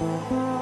Música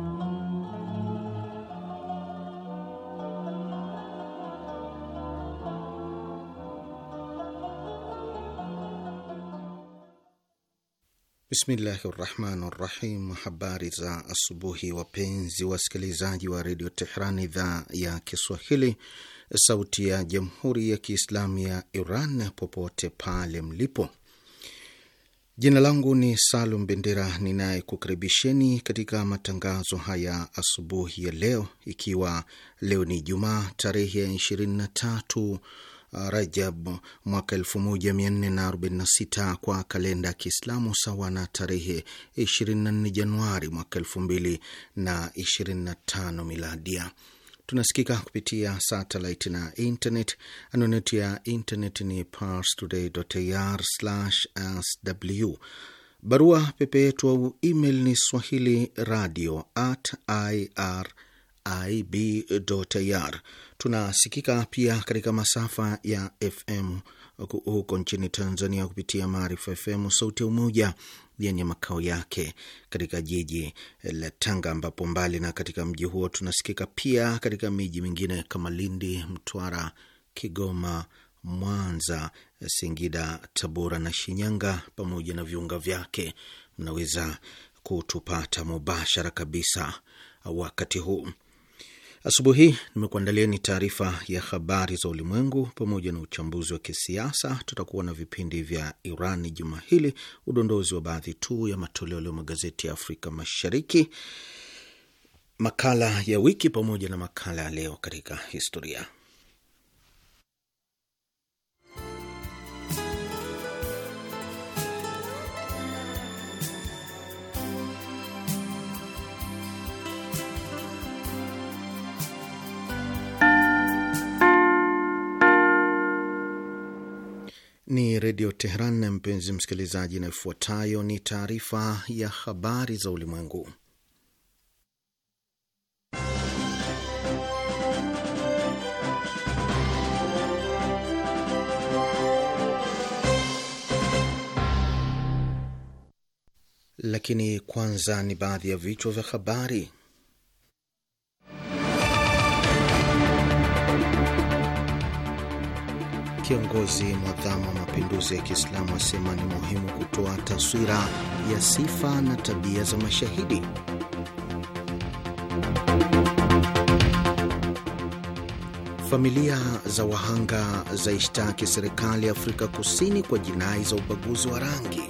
Bismillahi rahmani rahim. Habari za asubuhi, wapenzi wasikilizaji wa redio Tehran, idhaa ya Kiswahili, sauti ya jamhuri ya kiislamu ya Iran, popote pale mlipo. Jina langu ni Salum Bendera ninayekukaribisheni katika matangazo haya asubuhi ya leo, ikiwa leo ni Jumaa tarehe ya tatu Uh, Rajab mwaka 1446 kwa kalenda ya Kiislamu, sawa na tarehe 24 Januari mwaka 2025 miladia. Tunasikika kupitia satelit na internet. Anwani ya internet ni parstoday.ir/sw. Barua pepe yetu au email ni swahili radio at ir IB.ir. Tunasikika pia katika masafa ya FM huko nchini Tanzania kupitia Maarifa FM Sauti ya Umoja yenye makao yake katika jiji la Tanga, ambapo mbali na katika mji huo tunasikika pia katika miji mingine kama Lindi, Mtwara, Kigoma, Mwanza, Singida, Tabora na Shinyanga pamoja na viunga vyake. Mnaweza kutupata mubashara kabisa wakati huu Asubuhi nimekuandalia ni taarifa ya habari za ulimwengu pamoja na uchambuzi wa kisiasa. Tutakuwa na vipindi vya Iran juma hili, udondozi wa baadhi tu ya matoleo leo magazeti ya Afrika Mashariki, makala ya wiki pamoja na makala ya leo katika historia. ni Redio Teheran na mpenzi msikilizaji, inayofuatayo ni taarifa ya habari za ulimwengu. Lakini kwanza ni baadhi ya vichwa vya habari. Kiongozi mwadhamu wa mapinduzi ya Kiislamu asema ni muhimu kutoa taswira ya sifa na tabia za mashahidi. Familia za wahanga zaishtaki serikali ya Afrika Kusini kwa jinai za ubaguzi wa rangi.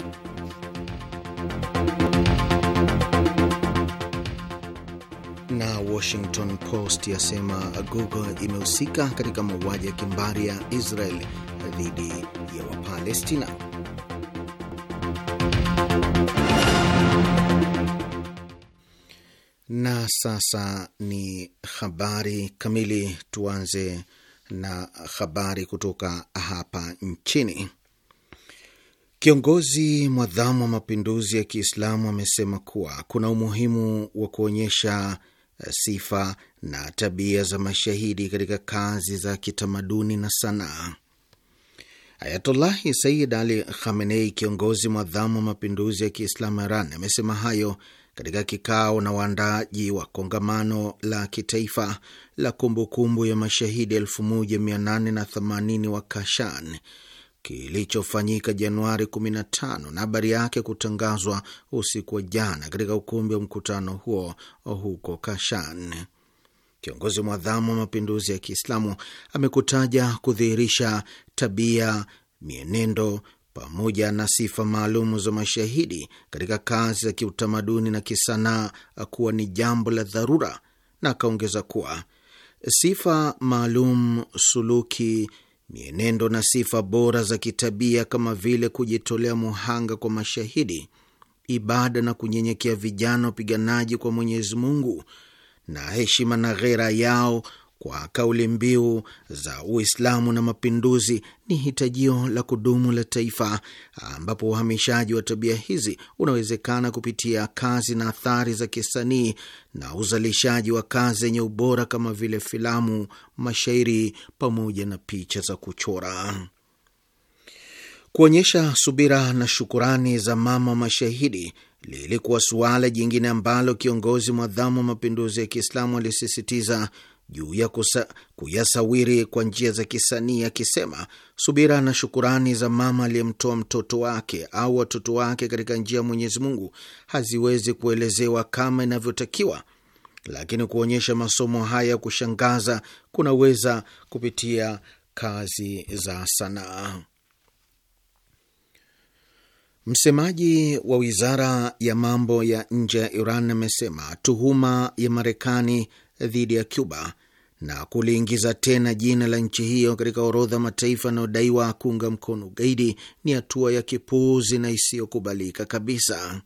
na Washington Post yasema Google imehusika katika mauaji ya kimbari ya Israel dhidi ya Wapalestina. Na sasa ni habari kamili. Tuanze na habari kutoka hapa nchini. Kiongozi mwadhamu wa mapinduzi ya Kiislamu amesema kuwa kuna umuhimu wa kuonyesha sifa na tabia za mashahidi katika kazi za kitamaduni na sanaa. Ayatullahi Sayyid Ali Khamenei, kiongozi mwadhamu wa mapinduzi ya Kiislamu Iran, amesema hayo katika kikao na waandaaji wa kongamano la kitaifa la kumbukumbu kumbu ya mashahidi 1880 wa Kashan kilichofanyika Januari 15 na habari yake kutangazwa usiku wa jana katika ukumbi wa mkutano huo huko Kashan. Kiongozi mwadhamu wa mapinduzi ya Kiislamu amekutaja kudhihirisha tabia, mienendo pamoja na sifa maalum za mashahidi katika kazi za kiutamaduni na kisanaa kuwa ni jambo la dharura, na akaongeza kuwa sifa maalum, suluki mienendo na sifa bora za kitabia kama vile kujitolea muhanga kwa mashahidi, ibada na kunyenyekea vijana wapiganaji kwa Mwenyezi Mungu na heshima na ghera yao kwa kauli mbiu za Uislamu na mapinduzi ni hitajio la kudumu la taifa, ambapo uhamishaji wa tabia hizi unawezekana kupitia kazi na athari za kisanii na uzalishaji wa kazi zenye ubora kama vile filamu, mashairi pamoja na picha za kuchora. Kuonyesha subira na shukurani za mama mashahidi lilikuwa suala jingine ambalo kiongozi mwadhamu wa mapinduzi ya Kiislamu alisisitiza juu ya kusa, kuyasawiri kwa njia za kisanii akisema subira na shukurani za mama aliyemtoa mtoto wake au watoto wake katika njia ya Mwenyezi Mungu haziwezi kuelezewa kama inavyotakiwa, lakini kuonyesha masomo haya ya kushangaza kunaweza kupitia kazi za sanaa. Msemaji wa wizara ya mambo ya nje ya Iran amesema tuhuma ya Marekani dhidi ya Cuba na kuliingiza tena jina la nchi hiyo katika orodha mataifa yanayodaiwa kuunga mkono ugaidi ni hatua ya kipuuzi na isiyokubalika kabisa.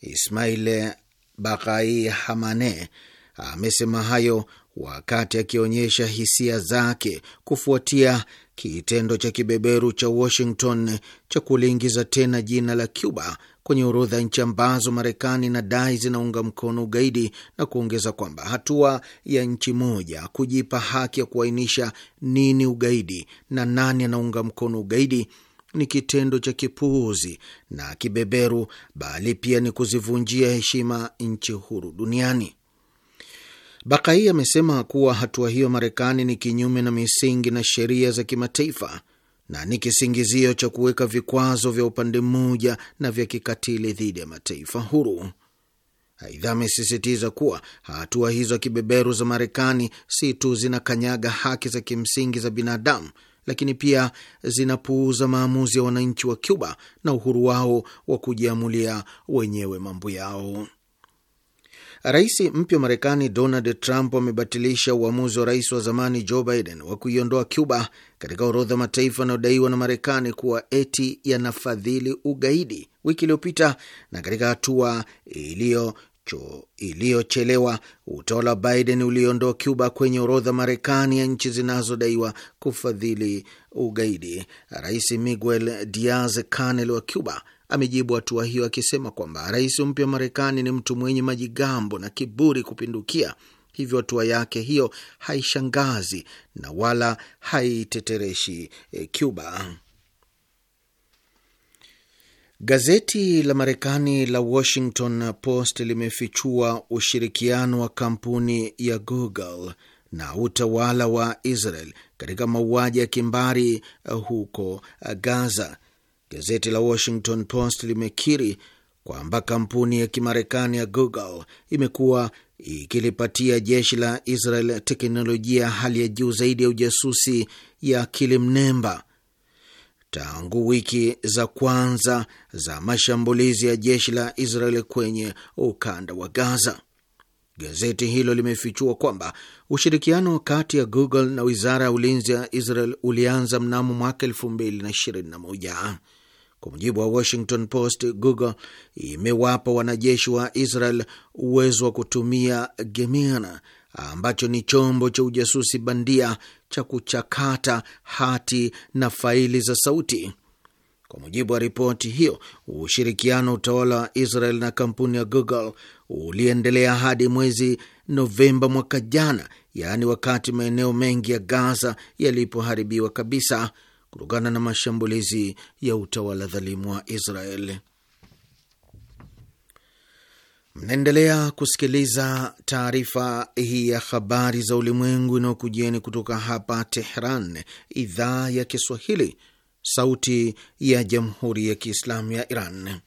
Ismail Bakai Hamane amesema hayo wakati akionyesha hisia zake kufuatia kitendo cha kibeberu cha Washington cha kuliingiza tena jina la Cuba kwenye orodha ya nchi ambazo Marekani inadai zinaunga mkono ugaidi na kuongeza kwamba hatua ya nchi moja kujipa haki ya kuainisha nini ugaidi na nani anaunga mkono ugaidi ni kitendo cha kipuuzi na kibeberu, bali pia ni kuzivunjia heshima nchi huru duniani. Bakai amesema kuwa hatua hiyo Marekani ni kinyume na misingi na sheria za kimataifa na ni kisingizio cha kuweka vikwazo vya upande mmoja na vya kikatili dhidi ya mataifa huru. Aidha, amesisitiza kuwa hatua hizo kibeberu za Marekani si tu zinakanyaga haki za kimsingi za binadamu, lakini pia zinapuuza maamuzi ya wananchi wa Cuba na uhuru wao wa kujiamulia wenyewe mambo yao. Rais mpya wa Marekani Donald Trump amebatilisha uamuzi wa rais wa zamani Joe Biden wa kuiondoa Cuba katika orodha mataifa yanayodaiwa na Marekani kuwa eti yanafadhili ugaidi wiki iliyopita, na katika hatua iliyo iliyochelewa utawala wa Biden uliondoa Cuba kwenye orodha Marekani ya nchi zinazodaiwa kufadhili ugaidi. Rais Miguel Diaz Canel wa Cuba amejibu hatua hiyo akisema kwamba rais mpya wa Marekani ni mtu mwenye majigambo na kiburi kupindukia Hivyo hatua yake hiyo haishangazi na wala haitetereshi e, Cuba. Gazeti la Marekani la Washington Post limefichua ushirikiano wa kampuni ya Google na utawala wa Israel katika mauaji ya kimbari e, huko e, Gaza. Gazeti la Washington Post limekiri kwamba kampuni ya Kimarekani ya Google imekuwa ikilipatia jeshi la Israel teknolojia hali ya juu zaidi ya ujasusi ya akili mnemba. Tangu wiki za kwanza za mashambulizi ya jeshi la Israel kwenye ukanda wa Gaza, gazeti hilo limefichua kwamba ushirikiano kati ya Google na wizara ya ulinzi ya Israel ulianza mnamo mwaka 2021. Kwa mujibu wa Washington Post, Google imewapa wanajeshi wa Israel uwezo wa kutumia Gemira, ambacho ni chombo cha ujasusi bandia cha kuchakata hati na faili za sauti. Kwa mujibu wa ripoti hiyo, ushirikiano wa utawala wa Israel na kampuni ya Google uliendelea hadi mwezi Novemba mwaka jana, yaani wakati maeneo mengi ya Gaza yalipoharibiwa kabisa kutokana na mashambulizi ya utawala dhalimu wa Israel. Mnaendelea kusikiliza taarifa hii ya habari za ulimwengu inayokujieni kutoka hapa Tehran, idhaa ya Kiswahili, sauti ya jamhuri ya kiislamu ya Iran.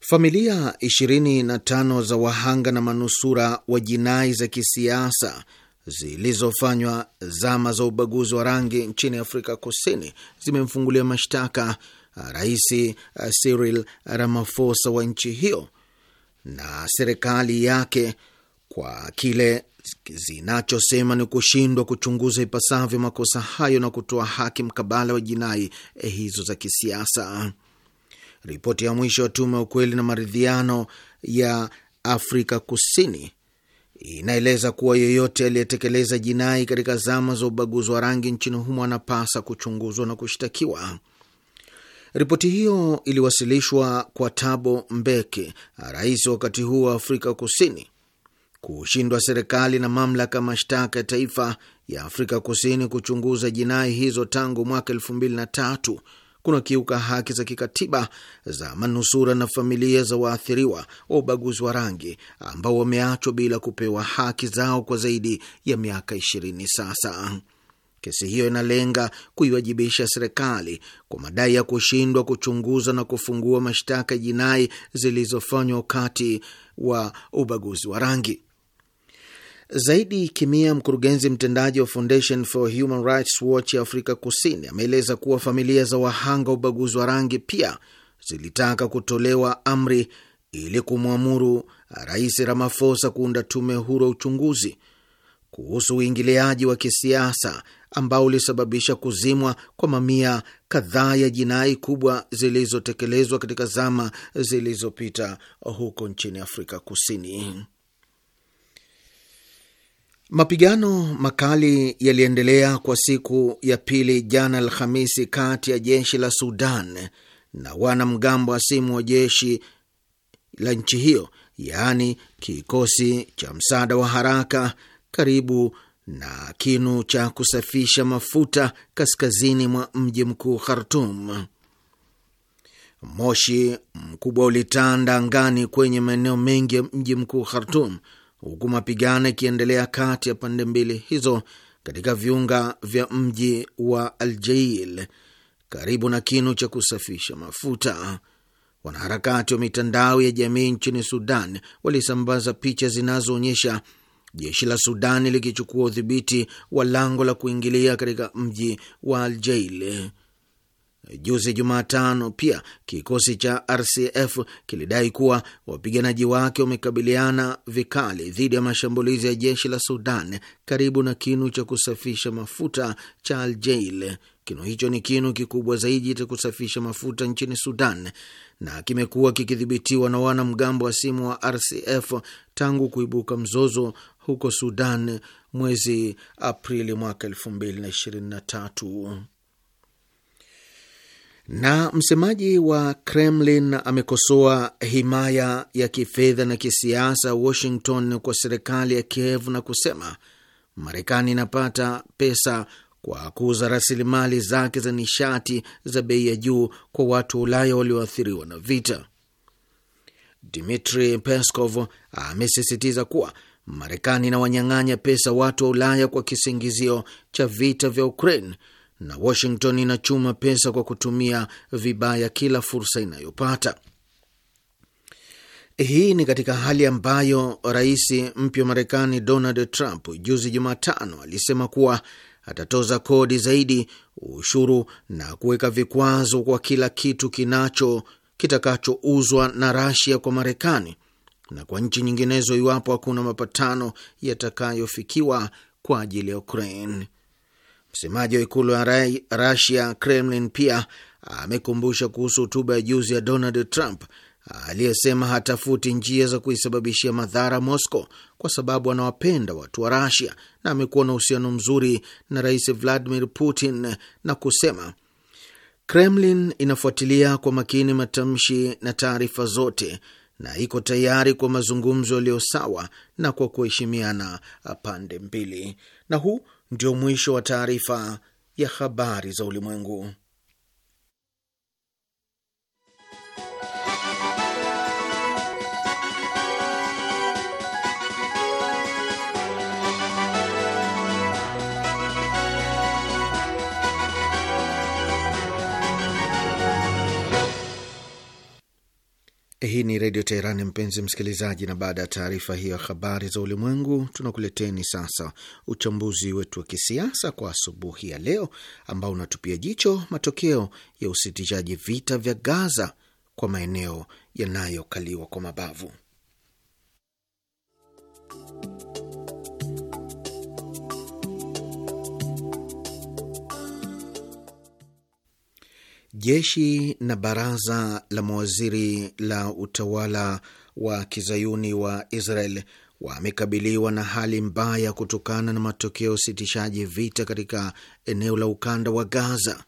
Familia 25 za wahanga na manusura wa jinai za kisiasa zilizofanywa zama za ubaguzi wa rangi nchini Afrika Kusini zimemfungulia mashtaka uh, Rais uh, Cyril Ramaphosa wa nchi hiyo na serikali yake kwa kile zinachosema ni kushindwa kuchunguza ipasavyo makosa hayo na kutoa haki mkabala wa jinai eh, hizo za kisiasa. Ripoti ya mwisho ya tume ya ukweli na maridhiano ya Afrika Kusini inaeleza kuwa yeyote aliyetekeleza jinai katika zama za ubaguzi wa rangi nchini humo anapasa kuchunguzwa na kushtakiwa. Ripoti hiyo iliwasilishwa kwa Thabo Mbeki, rais wakati huu wa Afrika Kusini. Kushindwa serikali na mamlaka mashtaka ya taifa ya Afrika Kusini kuchunguza jinai hizo tangu mwaka elfu mbili na tatu kunakiuka haki za kikatiba za manusura na familia za waathiriwa wa ubaguzi wa rangi ambao wameachwa bila kupewa haki zao kwa zaidi ya miaka ishirini sasa. Kesi hiyo inalenga kuiwajibisha serikali kwa madai ya kushindwa kuchunguza na kufungua mashtaka jinai zilizofanywa wakati wa ubaguzi wa rangi. Zaidi Kimia, mkurugenzi mtendaji wa Foundation for Human Rights Watch ya Afrika Kusini, ameeleza kuwa familia za wahanga ubaguzi wa rangi pia zilitaka kutolewa amri ili kumwamuru Rais Ramaphosa kuunda tume huru ya uchunguzi kuhusu uingiliaji wa kisiasa ambao ulisababisha kuzimwa kwa mamia kadhaa ya jinai kubwa zilizotekelezwa katika zama zilizopita huko nchini Afrika Kusini. Mapigano makali yaliendelea kwa siku ya pili jana Alhamisi, kati ya jeshi la Sudan na wanamgambo hasimu wa jeshi la nchi hiyo, yaani kikosi cha msaada wa haraka karibu na kinu cha kusafisha mafuta kaskazini mwa mji mkuu Khartum. Moshi mkubwa ulitanda angani kwenye maeneo mengi ya mji mkuu Khartum huku mapigano yakiendelea kati ya pande mbili hizo katika viunga vya mji wa Aljail karibu na kinu cha kusafisha mafuta. Wanaharakati wa mitandao ya jamii nchini Sudan walisambaza picha zinazoonyesha jeshi la Sudani likichukua udhibiti wa lango la kuingilia katika mji wa Aljail. Juzi Jumatano pia kikosi cha RCF kilidai kuwa wapiganaji wake wamekabiliana vikali dhidi ya mashambulizi ya jeshi la Sudan karibu na kinu cha kusafisha mafuta cha Aljeil. Kinu hicho ni kinu kikubwa zaidi cha kusafisha mafuta nchini Sudan na kimekuwa kikidhibitiwa na wanamgambo wa simu wa RCF tangu kuibuka mzozo huko Sudan mwezi Aprili mwaka 223 na msemaji wa Kremlin amekosoa himaya ya kifedha na kisiasa Washington kwa serikali ya Kiev na kusema Marekani inapata pesa kwa kuuza rasilimali zake za nishati za bei ya juu kwa watu wa Ulaya walioathiriwa na vita. Dmitri Peskov amesisitiza kuwa Marekani inawanyang'anya pesa watu wa Ulaya kwa kisingizio cha vita vya Ukraine na Washington inachuma pesa kwa kutumia vibaya kila fursa inayopata. Hii ni katika hali ambayo rais mpya wa Marekani Donald Trump juzi Jumatano alisema kuwa atatoza kodi zaidi, ushuru na kuweka vikwazo kwa kila kitu kinacho kitakachouzwa na Rasia kwa Marekani na kwa nchi nyinginezo iwapo hakuna mapatano yatakayofikiwa kwa ajili ya Ukraine. Msemaji wa ikulu ya Rusia, Kremlin, pia amekumbusha kuhusu hotuba ya juzi ya Donald Trump aliyesema hatafuti njia za kuisababishia madhara Moscow kwa sababu anawapenda watu wa Rusia na amekuwa na uhusiano mzuri na Rais Vladimir Putin na kusema Kremlin inafuatilia kwa makini matamshi na taarifa zote na iko tayari kwa mazungumzo yaliyo sawa na kwa kuheshimiana pande mbili. Na huu ndio mwisho wa taarifa ya habari za ulimwengu. Hii ni Redio Teherani, mpenzi msikilizaji, na baada ya taarifa hiyo ya habari za ulimwengu, tunakuleteni sasa uchambuzi wetu wa kisiasa kwa asubuhi ya leo, ambao unatupia jicho matokeo ya usitishaji vita vya Gaza kwa maeneo yanayokaliwa kwa mabavu. Jeshi na baraza la mawaziri la utawala wa kizayuni wa Israel wamekabiliwa na hali mbaya kutokana na matokeo ya usitishaji vita katika eneo la ukanda wa Gaza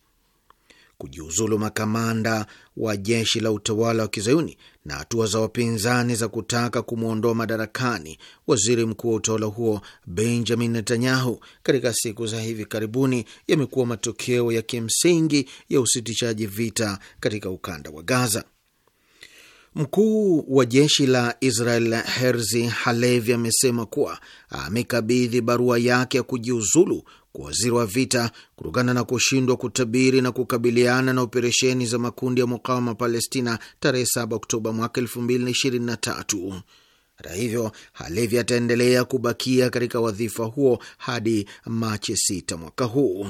kujiuzulu makamanda wa jeshi la utawala wa kizayuni na hatua za wapinzani za kutaka kumwondoa madarakani waziri mkuu wa utawala huo Benjamin Netanyahu katika siku za hivi karibuni yamekuwa matokeo ya kimsingi ya usitishaji vita katika ukanda wa Gaza. Mkuu wa jeshi la Israel Herzi Halevi amesema kuwa amekabidhi barua yake ya kujiuzulu kwa waziri wa vita kutokana na kushindwa kutabiri na kukabiliana na operesheni za makundi ya mukawama Palestina tarehe 7 Oktoba mwaka Hata hivyo, Halevi ataendelea kubakia katika wadhifa huo hadi Machi 6 mwaka huu.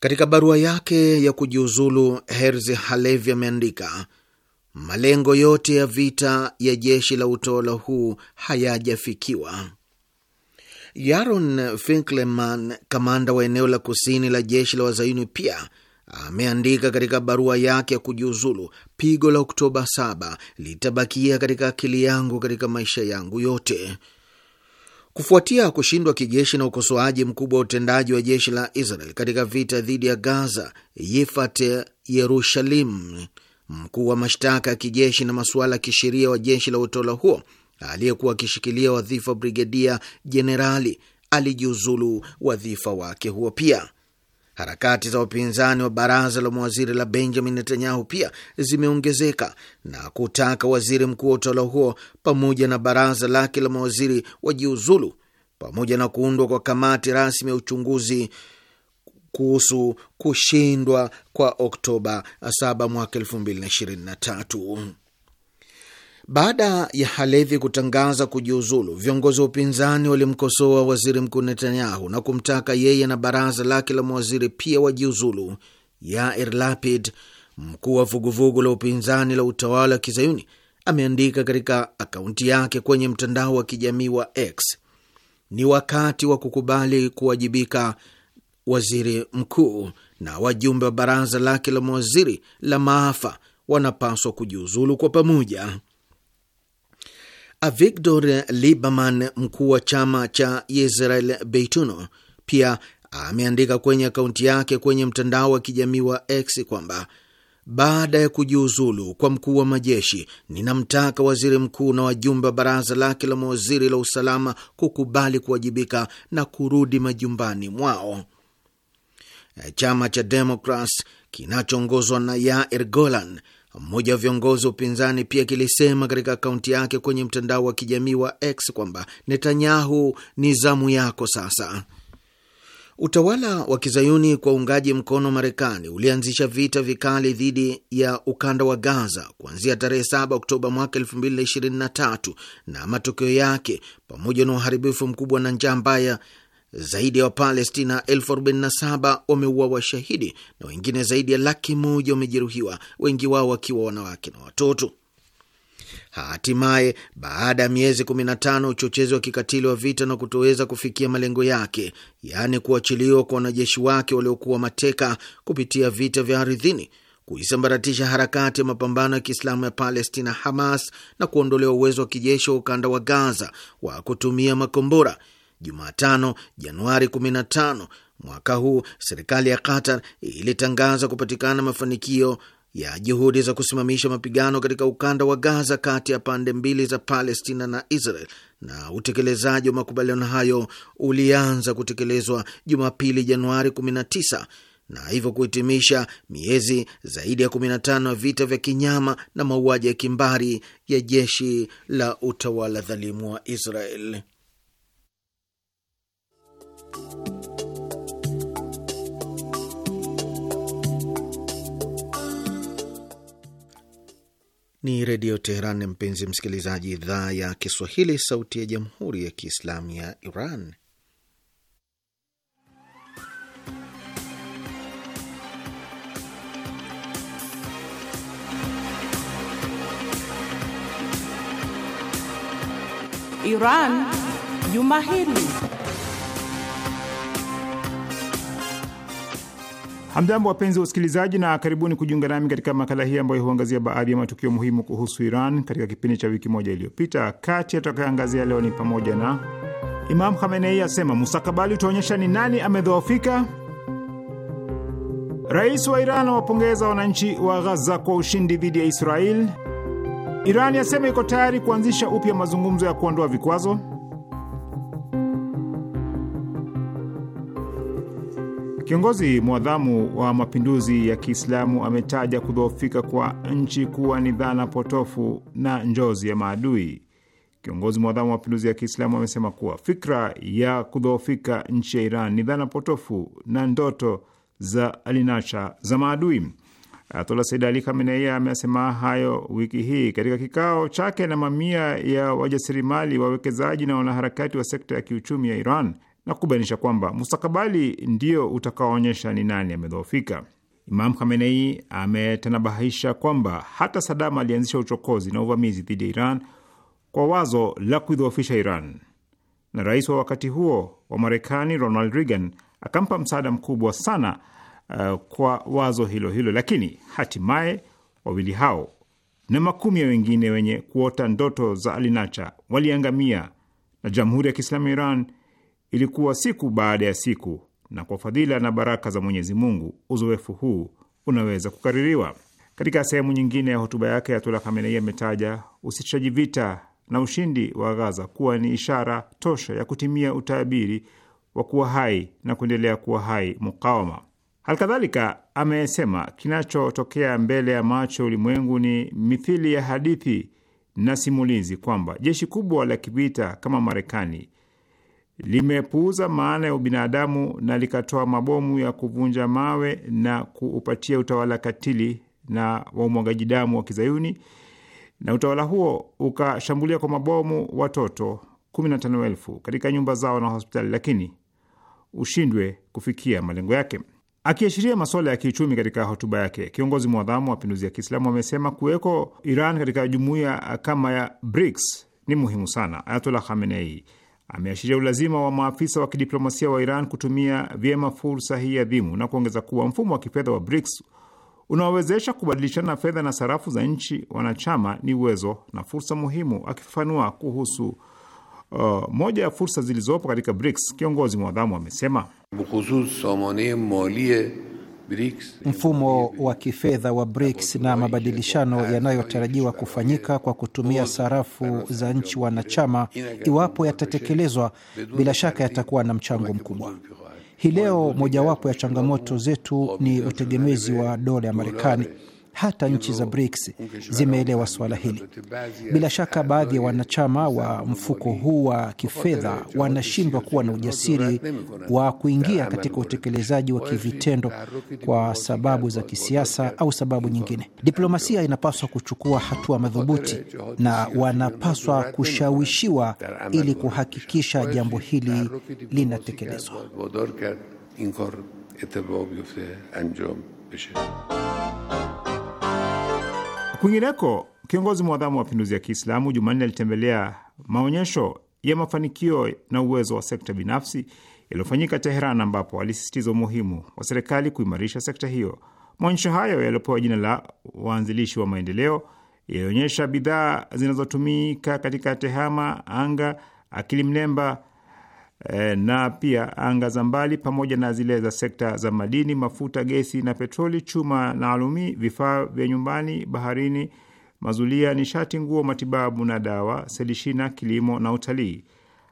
Katika barua yake ya kujiuzulu, Herzi Halevi ameandika malengo yote ya vita ya jeshi la utawala huu hayajafikiwa. Yaron Finkleman, kamanda wa eneo la kusini la jeshi la Wazayuni, pia ameandika katika barua yake ya kujiuzulu, pigo la Oktoba 7 litabakia katika akili yangu katika maisha yangu yote. Kufuatia kushindwa kijeshi na ukosoaji mkubwa wa utendaji wa jeshi la Israel katika vita dhidi ya Gaza, Yifat Yerushalim, mkuu wa mashtaka ya kijeshi na masuala ya kisheria wa jeshi la utawala huo na aliyekuwa akishikilia wadhifa brigedia jenerali alijiuzulu wadhifa wake huo pia. Harakati za upinzani wa baraza la mawaziri la Benjamin Netanyahu pia zimeongezeka na kutaka waziri mkuu wa utawala huo pamoja na baraza lake la mawaziri wajiuzulu pamoja na kuundwa kwa kamati rasmi ya uchunguzi kuhusu kushindwa kwa Oktoba 7 mwaka 2023. Baada ya Halevi kutangaza kujiuzulu, viongozi wa upinzani walimkosoa waziri mkuu Netanyahu na kumtaka yeye na baraza lake la mawaziri pia wajiuzulu. Yair Lapid, mkuu wa vuguvugu la upinzani la utawala wa kizayuni, ameandika katika akaunti yake kwenye mtandao wa kijamii wa X, ni wakati wa kukubali kuwajibika waziri mkuu na wajumbe wa baraza lake la mawaziri la maafa wanapaswa kujiuzulu kwa pamoja. Avigdor liberman mkuu wa chama cha israel Beituno, pia ameandika kwenye akaunti yake kwenye mtandao wa kijamii wa X kwamba baada ya kujiuzulu kwa mkuu wa majeshi, ninamtaka waziri mkuu na wajumbe wa baraza lake la mawaziri la usalama kukubali kuwajibika na kurudi majumbani mwao. Chama cha Democrats kinachoongozwa na Yair Golan mmoja wa viongozi wa upinzani pia kilisema katika akaunti yake kwenye mtandao wa kijamii wa X kwamba Netanyahu, ni zamu yako sasa. Utawala wa kizayuni kwa uungaji mkono Marekani ulianzisha vita vikali dhidi ya ukanda wa Gaza kuanzia tarehe 7 Oktoba mwaka 2023 na matokeo yake, pamoja na uharibifu mkubwa na njaa mbaya, zaidi ya Wapalestina elfu arobaini na saba wameuawa shahidi na wengine zaidi ya laki moja wamejeruhiwa, wengi wao wakiwa wanawake na watoto. Hatimaye, baada ya miezi 15 uchochezi wa kikatili wa vita na kutoweza kufikia malengo yake, yaani kuachiliwa kwa wanajeshi wake waliokuwa mateka kupitia vita vya ardhini, kuisambaratisha harakati ya mapambano ya Kiislamu ya Palestina, Hamas, na kuondolewa uwezo wa kijeshi wa ukanda wa Gaza wa kutumia makombora Jumatano, Januari 15 mwaka huu, serikali ya Qatar ilitangaza kupatikana mafanikio ya juhudi za kusimamisha mapigano katika ukanda wa Gaza kati ya pande mbili za Palestina na Israel, na utekelezaji wa makubaliano hayo ulianza kutekelezwa Jumapili, Januari 19 na hivyo kuhitimisha miezi zaidi ya 15 ya vita vya kinyama na mauaji ya kimbari ya jeshi la utawala dhalimu wa Israel. Ni Redio Teheran, mpenzi msikilizaji, idhaa ya Kiswahili, sauti ya jamhuri ya kiislamu ya Iran. Iran Juma Hili. Hamjambo, wapenzi wa usikilizaji, na karibuni kujiunga nami katika makala hii ambayo huangazia baadhi ya matukio muhimu kuhusu Iran katika kipindi cha wiki moja iliyopita. Kati ya tutakayoangazia leo ni pamoja na Imam Khamenei asema mustakabali utaonyesha ni nani amedhoofika, rais wa Iran awapongeza wananchi wa Ghaza kwa ushindi dhidi ya Israel, Iran yasema iko tayari kuanzisha upya mazungumzo ya kuondoa vikwazo Kiongozi mwadhamu wa mapinduzi ya Kiislamu ametaja kudhoofika kwa nchi kuwa ni dhana potofu na njozi ya maadui. Kiongozi mwadhamu wa mapinduzi ya Kiislamu amesema kuwa fikra ya kudhoofika nchi ya Iran ni dhana potofu na ndoto za alinacha za maadui. Ayatollah Said Ali Khamenei amesema hayo wiki hii katika kikao chake na mamia ya wajasirimali wawekezaji na wanaharakati wa sekta ya kiuchumi ya Iran na kubainisha kwamba mustakabali ndio utakaoonyesha ni nani amedhoofika. Imam Khamenei ametanabahisha kwamba hata Sadam alianzisha uchokozi na uvamizi dhidi ya Iran kwa wazo la kuidhoofisha Iran, na rais wa wakati huo wa Marekani Ronald Reagan akampa msaada mkubwa sana uh, kwa wazo hilo hilo, lakini hatimaye wawili hao na makumi ya wengine wenye kuota ndoto za alinacha waliangamia na Jamhuri ya Kiislamu ya Iran ilikuwa siku baada ya siku, na kwa fadhila na baraka za Mwenyezi Mungu uzoefu huu unaweza kukaririwa. Katika sehemu nyingine ya hotuba yake, Ayatullah Khamenei ametaja usitishaji vita na ushindi wa Gaza kuwa ni ishara tosha ya kutimia utabiri wa kuwa hai na kuendelea kuwa hai mukawama. Halikadhalika amesema kinachotokea mbele ya macho ulimwengu ni mithili ya hadithi na simulizi, kwamba jeshi kubwa la kivita kama Marekani limepuuza maana ya ubinadamu na likatoa mabomu ya kuvunja mawe na kuupatia utawala katili na wa umwagaji damu wa kizayuni, na utawala huo ukashambulia kwa mabomu watoto 15,000 katika nyumba zao na hospitali, lakini ushindwe kufikia malengo yake. Akiashiria masuala ya kiuchumi katika hotuba yake, kiongozi mwadhamu wa mapinduzi ya Kiislamu amesema kuweko Iran katika jumuiya kama ya BRICS ni muhimu sana. Ayatollah Khamenei ameashiria ulazima wa maafisa wa kidiplomasia wa Iran kutumia vyema fursa hii adhimu na kuongeza kuwa mfumo wa kifedha wa BRICS unaowezesha kubadilishana fedha na sarafu za nchi wanachama ni uwezo na fursa muhimu. Akifafanua kuhusu uh, moja ya fursa zilizopo katika BRICS, kiongozi mwadhamu amesema bukhusus samane malie Mfumo wa kifedha wa BRICS na mabadilishano yanayotarajiwa kufanyika kwa kutumia sarafu za nchi wanachama, iwapo yatatekelezwa, bila shaka yatakuwa na mchango mkubwa. Hii leo mojawapo ya changamoto zetu ni utegemezi wa dola ya Marekani hata nchi za BRICS zimeelewa suala hili. Bila shaka, baadhi ya wanachama wa mfuko huu wa kifedha wanashindwa kuwa na ujasiri wa kuingia katika utekelezaji wa kivitendo kwa sababu za kisiasa au sababu nyingine. Diplomasia inapaswa kuchukua hatua madhubuti na wanapaswa kushawishiwa ili kuhakikisha jambo hili linatekelezwa. Kwingineko, kiongozi mwadhamu wa mapinduzi ya Kiislamu Jumanne alitembelea maonyesho ya mafanikio na uwezo wa sekta binafsi yaliyofanyika Teheran, ambapo alisisitiza umuhimu wa serikali kuimarisha sekta hiyo. Maonyesho hayo yaliyopewa jina la waanzilishi wa maendeleo yalionyesha bidhaa zinazotumika katika tehama, anga, akili mnemba e, na pia anga za mbali pamoja na zile za sekta za madini, mafuta, gesi na petroli, chuma na alumi, vifaa vya nyumbani, baharini, mazulia, nishati, nguo, matibabu na dawa, selishina, kilimo na utalii.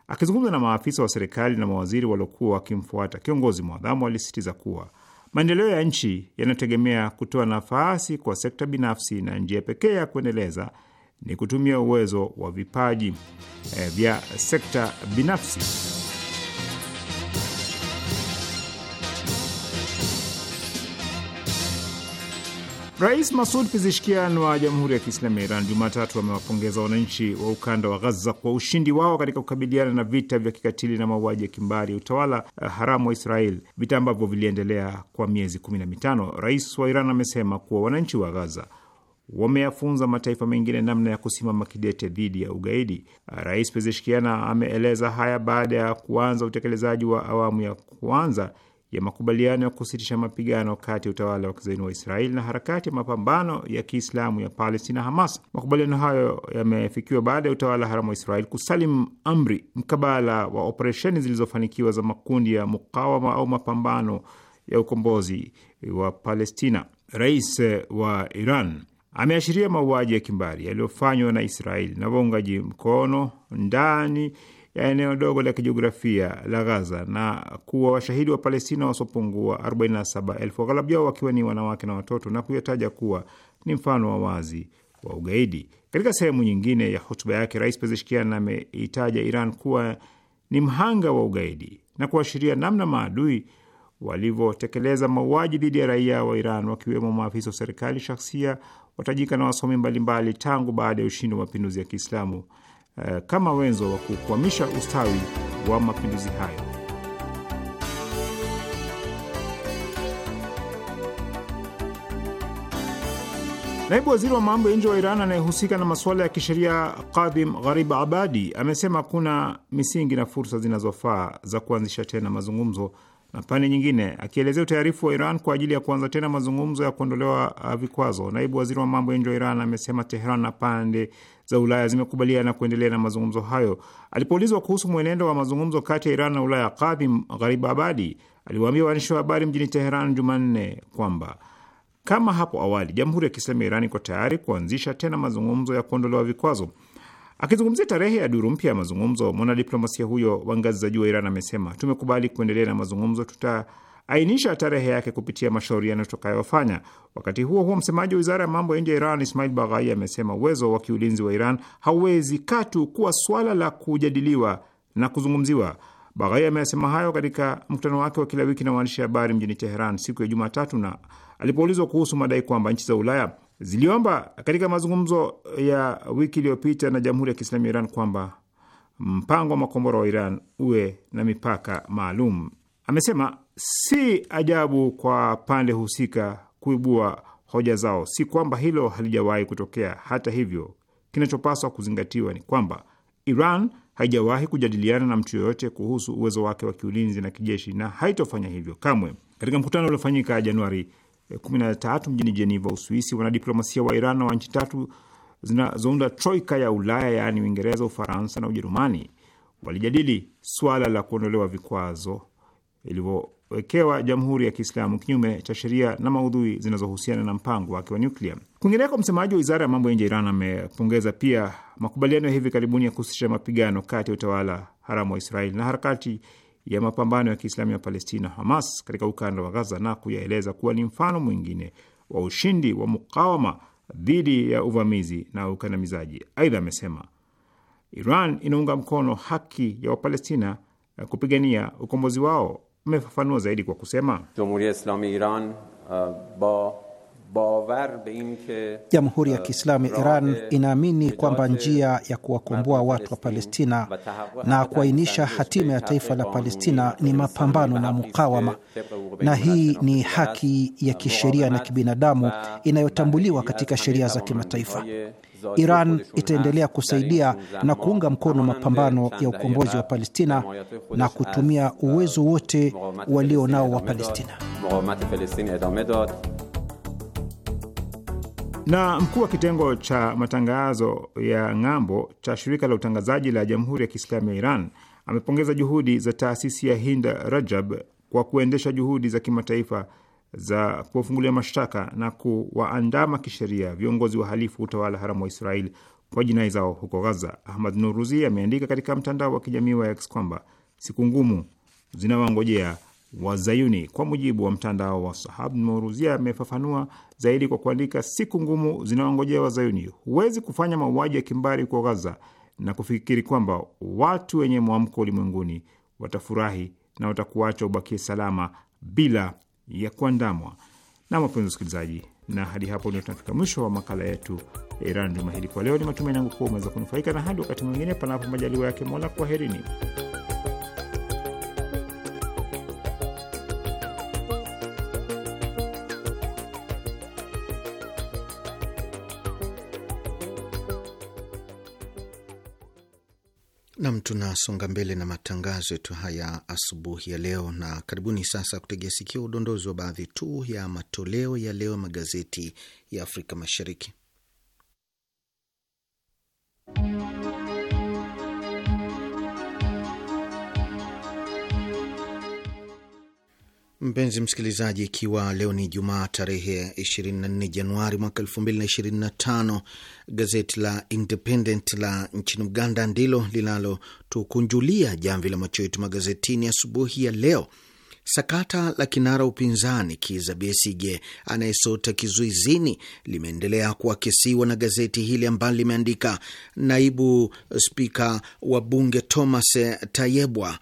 Akizungumza na maafisa wa serikali na mawaziri waliokuwa wakimfuata kiongozi mwadhamu, alisisitiza kuwa maendeleo ya nchi yanategemea kutoa nafasi kwa sekta binafsi na njia pekee ya kuendeleza ni kutumia uwezo wa vipaji eh, vya sekta binafsi. Rais Masud pizishkian wa Jamhuri ya Kiislamu ya Iran Jumatatu amewapongeza wananchi wa ukanda wa Ghaza kwa ushindi wao katika kukabiliana na vita vya kikatili na mauaji ya kimbari ya utawala eh, haramu wa Israel, vita ambavyo viliendelea kwa miezi kumi na mitano. Rais wa Iran amesema kuwa wananchi wa Ghaza wameyafunza mataifa mengine namna ya kusimama kidete dhidi ya ugaidi. Eh, rais Pezeshkian ameeleza haya baada ya kuanza utekelezaji wa awamu ya kwanza ya makubaliano ya kusitisha mapigano kati ya utawala wa kizaini wa Israeli na harakati ya mapambano ya Kiislamu ya Palestina, Hamas. Makubaliano hayo yamefikiwa baada ya utawala haramu wa Israeli kusalim amri mkabala wa operesheni zilizofanikiwa za makundi ya mukawama au mapambano ya ukombozi wa Palestina. Rais wa Iran ameashiria mauaji ya kimbari yaliyofanywa na Israeli na waungaji mkono ndani ya eneo dogo la kijiografia la Gaza na kuwa washahidi wa Palestina wasiopungua 47,000 waghalabu yao wakiwa ni wanawake na watoto, na kuyataja kuwa ni mfano wa wazi wa ugaidi. Katika sehemu nyingine ya hotuba yake, Rais Pezeshkian ameitaja Iran kuwa ni mhanga wa ugaidi na kuashiria namna maadui walivyotekeleza mauaji dhidi ya raia wa Iran, wakiwemo maafisa wa serikali, shahsia watajika na wasomi mbalimbali tangu baada ya ushindi wa mapinduzi ya Kiislamu. Eh, kama wenzo wa kukwamisha ustawi wa mapinduzi hayo. Naibu waziri wa mambo ya nje wa Iran anayehusika na masuala ya kisheria Kadhim Gharib Abadi amesema kuna misingi na fursa zinazofaa za kuanzisha tena mazungumzo na pande nyingine. Akielezea utayarifu wa Iran kwa ajili ya kuanza tena mazungumzo ya kuondolewa uh, vikwazo, naibu waziri wa mambo ya nje wa Iran amesema Teheran na pande za Ulaya zimekubaliana kuendelea na mazungumzo hayo. Alipoulizwa kuhusu mwenendo wa mazungumzo kati ya Iran na Ulaya, Kadhim Abadi aliwaambia waandishi wa habari mjini Teheran Jumanne kwamba kama hapo awali, Jamhuri ya Kiislamu ya Iran iko tayari kuanzisha tena mazungumzo ya kuondolewa vikwazo. Akizungumzia tarehe ya duru mpya ya mazungumzo, mwanadiplomasia huyo wa ngazi za juu wa Iran amesema, tumekubali kuendelea na mazungumzo, tuta ainisha tarehe yake kupitia mashauriano tutakayofanya. Wakati huo huo, msemaji wa wizara ya mambo ya nje ya Iran Ismail Baghai amesema uwezo wa kiulinzi wa Iran hauwezi katu kuwa swala la kujadiliwa na kuzungumziwa. Baghai amesema hayo katika mkutano wake wa kila wiki na waandishi habari mjini Teheran siku ya Jumatatu, na alipoulizwa kuhusu madai kwamba nchi za Ulaya ziliomba katika mazungumzo ya wiki iliyopita na Jamhuri ya Kiislamu ya Iran kwamba mpango wa makombora wa Iran uwe na mipaka maalum, amesema si ajabu kwa pande husika kuibua hoja zao. Si kwamba hilo halijawahi kutokea. Hata hivyo, kinachopaswa kuzingatiwa ni kwamba Iran haijawahi kujadiliana na mtu yoyote kuhusu uwezo wake wa kiulinzi na kijeshi na haitofanya hivyo kamwe. Katika mkutano uliofanyika Januari 13 eh, mjini Jeneva, Uswisi, wanadiplomasia wa Iran na wa nchi tatu zinazounda troika ya Ulaya, yaani Uingereza, Ufaransa na Ujerumani walijadili suala la kuondolewa vikwazo ilivyo wekewa Jamhuri ya Kiislamu kinyume cha sheria na maudhui zinazohusiana na mpango wake wa nyuklia. Kwingineko, msemaji wa wizara ya mambo ya nje ya Iran amepongeza pia makubaliano ya hivi karibuni ya kusitisha mapigano kati ya utawala haramu wa Israeli na harakati ya mapambano ya Kiislamu ya Palestina, Hamas, katika ukanda wa Gaza na kuyaeleza kuwa ni mfano mwingine wa ushindi wa mukawama dhidi ya uvamizi na ukandamizaji. Aidha, amesema Iran inaunga mkono haki ya Wapalestina kupigania ukombozi wao amefafanua zaidi kwa kusema uh, Jamhuri ya uh, Kiislamu ya Iran e, inaamini kwamba e, njia ya kuwakomboa watu wa Palestina na kuainisha hatima ya taifa la Palestina ni mapambano na mukawama, e, na hii ni haki ya kisheria na kibinadamu inayotambuliwa katika sheria za kimataifa. Iran itaendelea kusaidia na kuunga mkono mapambano ya ukombozi wa Palestina na kutumia uwezo wote walio nao wa Palestina. Na mkuu wa kitengo cha matangazo ya ng'ambo cha shirika la utangazaji la Jamhuri ya Kiislamu ya Iran amepongeza juhudi za taasisi ya Hinda Rajab kwa kuendesha juhudi za kimataifa za kuwafungulia mashtaka na kuwaandama kisheria viongozi wahalifu utawala haramu wa Israeli kwa jinai zao huko Gaza. Ahmad Nuruzi ameandika katika mtandao wa kijamii wa X kwamba siku ngumu zinawangojea Wazayuni. Kwa mujibu wa mtandao wa Sahab, Nuruzi amefafanua zaidi kwa kuandika, siku ngumu zinawangojea Wazayuni. Huwezi kufanya mauaji ya kimbari huko Gaza na kufikiri kwamba watu wenye mwamko ulimwenguni watafurahi na watakuacha ubakie salama bila ya kuandamwa na mapenzi usikilizaji. Na hadi hapo ndio tunafika mwisho wa makala yetu ya Iran juma hili. Kwa leo, ni matumaini yangu kuwa umeweza kunufaika, na hadi wakati mwingine, panapo majaliwa yake Mola, kwaherini. Nam, tunasonga mbele na matangazo yetu haya asubuhi ya leo, na karibuni sasa kutegea sikio udondozi wa baadhi tu ya matoleo ya leo magazeti ya Afrika Mashariki. Mpenzi msikilizaji, ikiwa leo ni Jumaa tarehe 24 Januari mwaka 2025, gazeti la Independent la nchini Uganda ndilo linalotukunjulia jamvi la macho yetu magazetini asubuhi ya, ya leo. Sakata la kinara upinzani Kiza Besige anayesota kizuizini limeendelea kuakisiwa na gazeti hili ambalo limeandika naibu spika wa bunge Thomas Tayebwa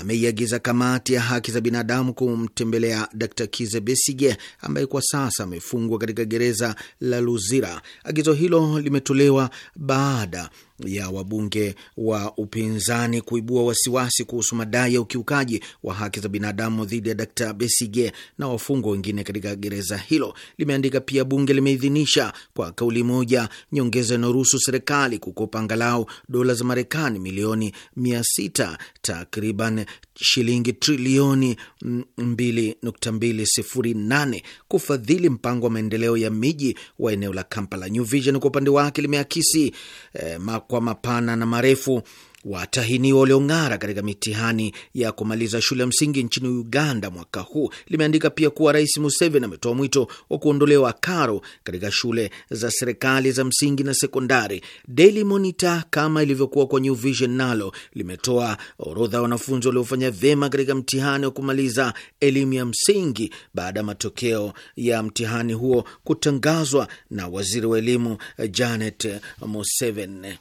ameiagiza kamati ya haki za binadamu kumtembelea d Kize Besige ambaye kwa sasa amefungwa katika gereza la Luzira. Agizo hilo limetolewa baada ya wabunge wa upinzani kuibua wasiwasi kuhusu madai ya ukiukaji wa haki za binadamu dhidi ya Dkt Besige na wafungwa wengine katika gereza hilo. Limeandika pia, bunge limeidhinisha kwa kauli moja nyongeza inayoruhusu serikali kukopa angalau dola za Marekani milioni mia sita takriban shilingi trilioni 2.208 kufadhili mpango wa maendeleo ya miji wa eneo la Kampala. New Vision kwa upande wake limeakisi eh, kwa mapana na marefu watahiniwa waliong'ara katika mitihani ya kumaliza shule ya msingi nchini Uganda mwaka huu. Limeandika pia kuwa Rais Museveni ametoa mwito wa kuondolewa karo katika shule za serikali za msingi na sekondari. Daily Monitor, kama ilivyokuwa kwa New Vision, nalo limetoa orodha ya wanafunzi waliofanya vyema katika mtihani wa kumaliza elimu ya msingi baada ya matokeo ya mtihani huo kutangazwa na waziri wa elimu Janet Museveni.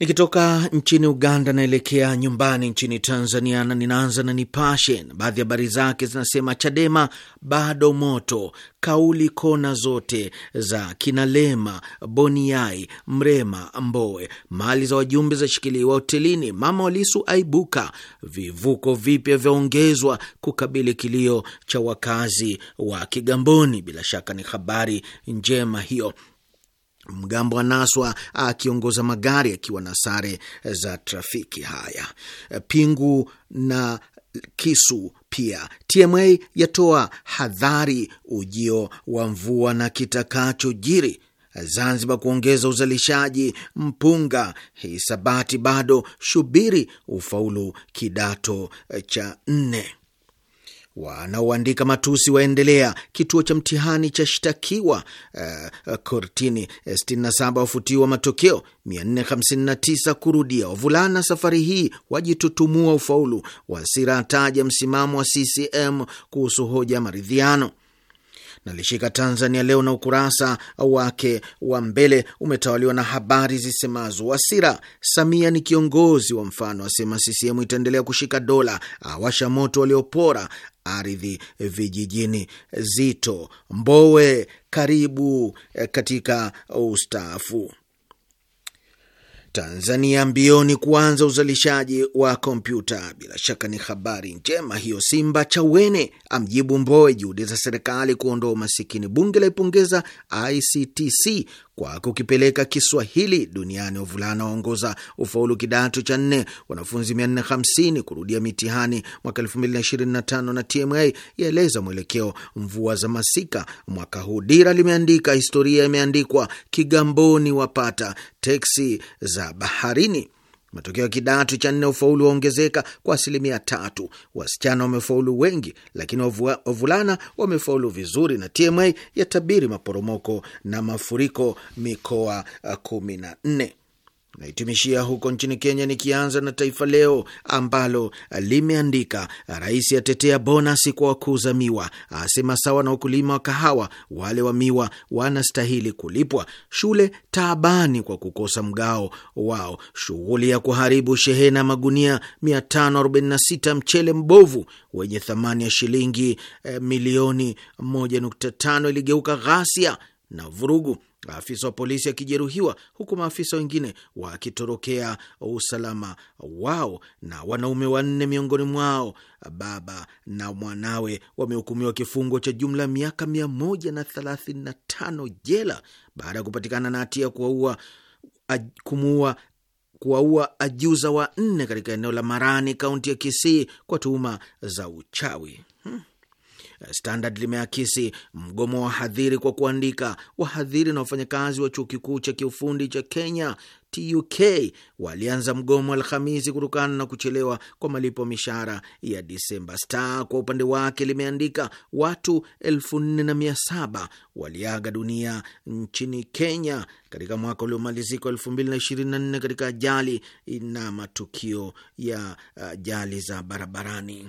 Nikitoka nchini Uganda naelekea nyumbani nchini Tanzania, na ninaanza na Nipashe na baadhi ya habari zake zinasema: Chadema bado moto, kauli kona zote za Kinalema, Boniai, Mrema, Mbowe. Mali za wajumbe zashikiliwa hotelini. Mama Walisu aibuka. Vivuko vipya vyaongezwa kukabili kilio cha wakazi wa Kigamboni. Bila shaka ni habari njema hiyo. Mgambo anaswa akiongoza magari akiwa na sare za trafiki. Haya, pingu na kisu pia. TMA yatoa hadhari ujio wa mvua na kitakachojiri. Zanzibar kuongeza uzalishaji mpunga. Hisabati bado, shubiri ufaulu kidato cha nne wanaoandika matusi waendelea. Kituo cha mtihani cha shtakiwa uh, kortini. 67 eh, wafutiwa matokeo, 459 kurudia. Wavulana safari hii wajitutumua ufaulu. Wasira ataja msimamo wa CCM kuhusu hoja maridhiano. Nalishika Tanzania Leo na ukurasa wake wa mbele umetawaliwa na habari zisemazo: Wasira, Samia ni kiongozi wa mfano, asema CCM itaendelea kushika dola, awasha moto waliopora, ardhi vijijini. Zito Mbowe karibu eh, katika ustaafu. Tanzania mbioni kuanza uzalishaji wa kompyuta. Bila shaka ni habari njema hiyo. Simba Chawene amjibu Mbowe juhudi za serikali kuondoa umasikini. Bunge laipongeza ICTC kwa kukipeleka Kiswahili duniani. Wavulana waongoza ufaulu kidato cha nne, wanafunzi 450 kurudia mitihani mwaka 2025 na TMA yaeleza mwelekeo mvua za masika mwaka huu. Dira limeandika historia imeandikwa Kigamboni, wapata teksi za baharini Matokeo ya kidato cha nne ufaulu waongezeka kwa asilimia tatu. Wasichana wamefaulu wengi, lakini wavulana wamefaulu vizuri, na TMA yatabiri maporomoko na mafuriko mikoa uh, kumi na nne. Naitimishia huko nchini Kenya, nikianza na Taifa Leo ambalo limeandika rais atetea bonasi kwa wakuza miwa, asema sawa na wakulima wa kahawa, wale wa miwa wanastahili kulipwa. Shule taabani kwa kukosa mgao wao. Shughuli ya kuharibu shehena magunia 546 mchele mbovu wenye thamani ya shilingi eh, milioni 1.5 iligeuka ghasia na vurugu afisa wa polisi akijeruhiwa, huku maafisa wengine wakitorokea usalama wao, na wanaume wanne miongoni mwao baba na mwanawe wamehukumiwa kifungo cha jumla ya miaka mia moja na thelathini na tano jela baada ya kupatikana na hatia kuwaua kumuua kuwaua ajuza wa nne katika eneo la Marani, kaunti ya Kisii kwa tuhuma za uchawi. Standard limeakisi mgomo wa wahadhiri kwa kuandika, wahadhiri na wafanyakazi wa chuo kikuu cha kiufundi cha Kenya TUK walianza mgomo Alhamisi kutokana na kuchelewa kwa malipo mishahara ya Disemba. Star kwa upande wake limeandika watu elfu nne na mia saba waliaga dunia nchini Kenya katika mwaka uliomalizika elfu mbili na ishirini na nne katika ajali na matukio ya uh, ajali za barabarani.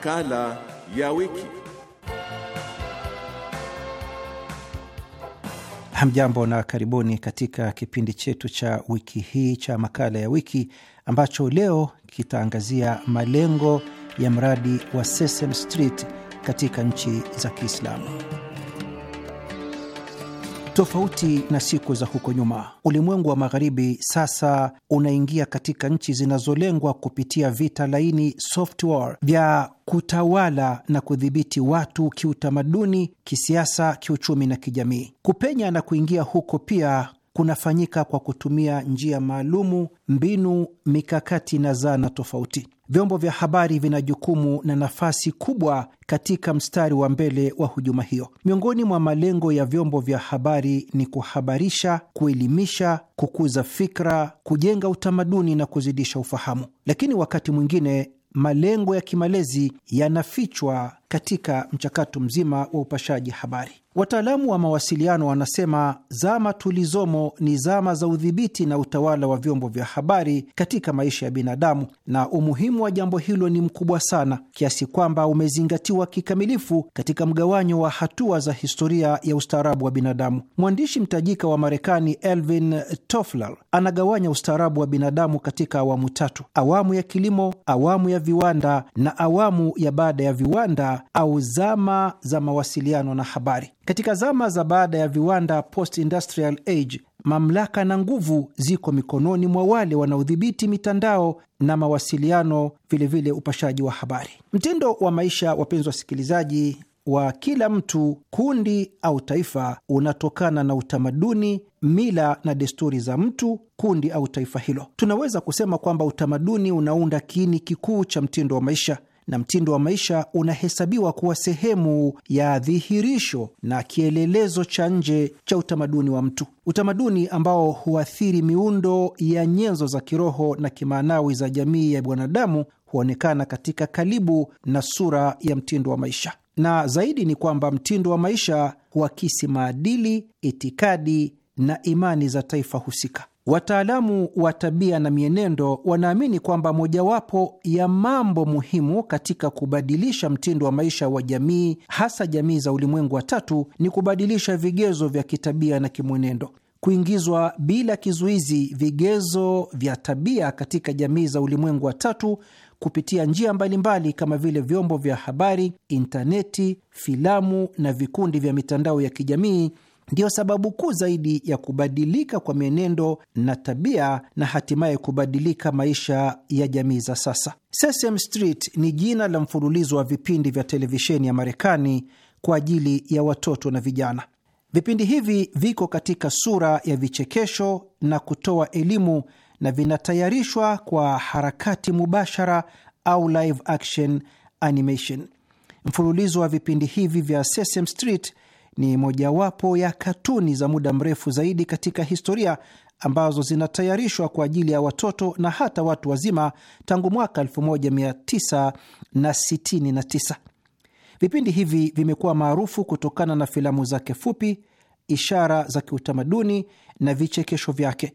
makala ya wiki. Hamjambo na karibuni katika kipindi chetu cha wiki hii cha makala ya wiki ambacho leo kitaangazia malengo ya mradi wa Sesame Street katika nchi za Kiislamu. Tofauti na siku za huko nyuma, ulimwengu wa magharibi sasa unaingia katika nchi zinazolengwa kupitia vita laini software vya kutawala na kudhibiti watu kiutamaduni, kisiasa, kiuchumi na kijamii. Kupenya na kuingia huko pia kunafanyika kwa kutumia njia maalumu, mbinu, mikakati na zana tofauti vyombo vya habari vina jukumu na nafasi kubwa katika mstari wa mbele wa hujuma hiyo. Miongoni mwa malengo ya vyombo vya habari ni kuhabarisha, kuelimisha, kukuza fikra, kujenga utamaduni na kuzidisha ufahamu, lakini wakati mwingine malengo ya kimalezi yanafichwa katika mchakato mzima wa upashaji habari. Wataalamu wa mawasiliano wanasema zama tulizomo ni zama za udhibiti na utawala wa vyombo vya habari katika maisha ya binadamu, na umuhimu wa jambo hilo ni mkubwa sana kiasi kwamba umezingatiwa kikamilifu katika mgawanyo wa hatua za historia ya ustaarabu wa binadamu. Mwandishi mtajika wa Marekani Elvin Toffler anagawanya ustaarabu wa binadamu katika awamu tatu: awamu ya kilimo, awamu ya viwanda na awamu ya baada ya viwanda au zama za mawasiliano na habari. Katika zama za baada ya viwanda, post industrial age, mamlaka na nguvu ziko mikononi mwa wale wanaodhibiti mitandao na mawasiliano, vilevile vile upashaji wa habari. Mtindo wa maisha, wapenzi wasikilizaji, wa kila mtu, kundi au taifa unatokana na utamaduni, mila na desturi za mtu, kundi au taifa hilo. Tunaweza kusema kwamba utamaduni unaunda kiini kikuu cha mtindo wa maisha na mtindo wa maisha unahesabiwa kuwa sehemu ya dhihirisho na kielelezo cha nje cha utamaduni wa mtu, utamaduni ambao huathiri miundo ya nyenzo za kiroho na kimaanawi za jamii ya mwanadamu huonekana katika kalibu na sura ya mtindo wa maisha. Na zaidi ni kwamba mtindo wa maisha huakisi maadili, itikadi na imani za taifa husika. Wataalamu wa tabia na mienendo wanaamini kwamba mojawapo ya mambo muhimu katika kubadilisha mtindo wa maisha wa jamii, hasa jamii za ulimwengu wa tatu, ni kubadilisha vigezo vya kitabia na kimwenendo. Kuingizwa bila kizuizi vigezo vya tabia katika jamii za ulimwengu wa tatu kupitia njia mbalimbali kama vile vyombo vya habari, intaneti, filamu na vikundi vya mitandao ya kijamii ndiyo sababu kuu zaidi ya kubadilika kwa mienendo na tabia na hatimaye kubadilika maisha ya jamii za sasa. Sesame Street ni jina la mfululizo wa vipindi vya televisheni ya Marekani kwa ajili ya watoto na vijana. Vipindi hivi viko katika sura ya vichekesho na kutoa elimu na vinatayarishwa kwa harakati mubashara au live action animation. Mfululizo wa vipindi hivi vya Sesame Street ni mojawapo ya katuni za muda mrefu zaidi katika historia ambazo zinatayarishwa kwa ajili ya watoto na hata watu wazima tangu mwaka 1969. Vipindi hivi vimekuwa maarufu kutokana na filamu zake fupi, ishara za kiutamaduni na vichekesho vyake,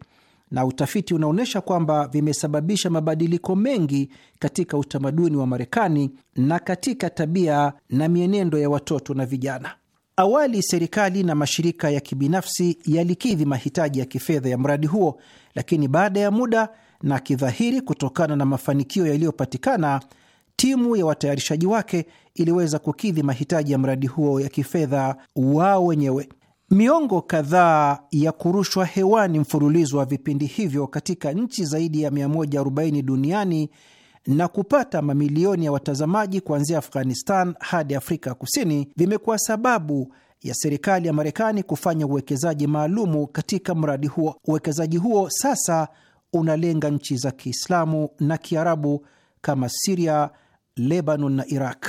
na utafiti unaonyesha kwamba vimesababisha mabadiliko mengi katika utamaduni wa Marekani na katika tabia na mienendo ya watoto na vijana. Awali serikali na mashirika ya kibinafsi yalikidhi mahitaji ya kifedha ya mradi huo, lakini baada ya muda na kidhahiri, kutokana na mafanikio yaliyopatikana, timu ya watayarishaji wake iliweza kukidhi mahitaji ya mradi huo ya kifedha wao wenyewe. Miongo kadhaa ya kurushwa hewani mfululizo wa vipindi hivyo katika nchi zaidi ya 140 duniani na kupata mamilioni ya watazamaji kuanzia Afghanistan hadi Afrika Kusini vimekuwa sababu ya serikali ya Marekani kufanya uwekezaji maalumu katika mradi huo. Uwekezaji huo sasa unalenga nchi za Kiislamu na Kiarabu kama Siria, Lebanon na Iraq.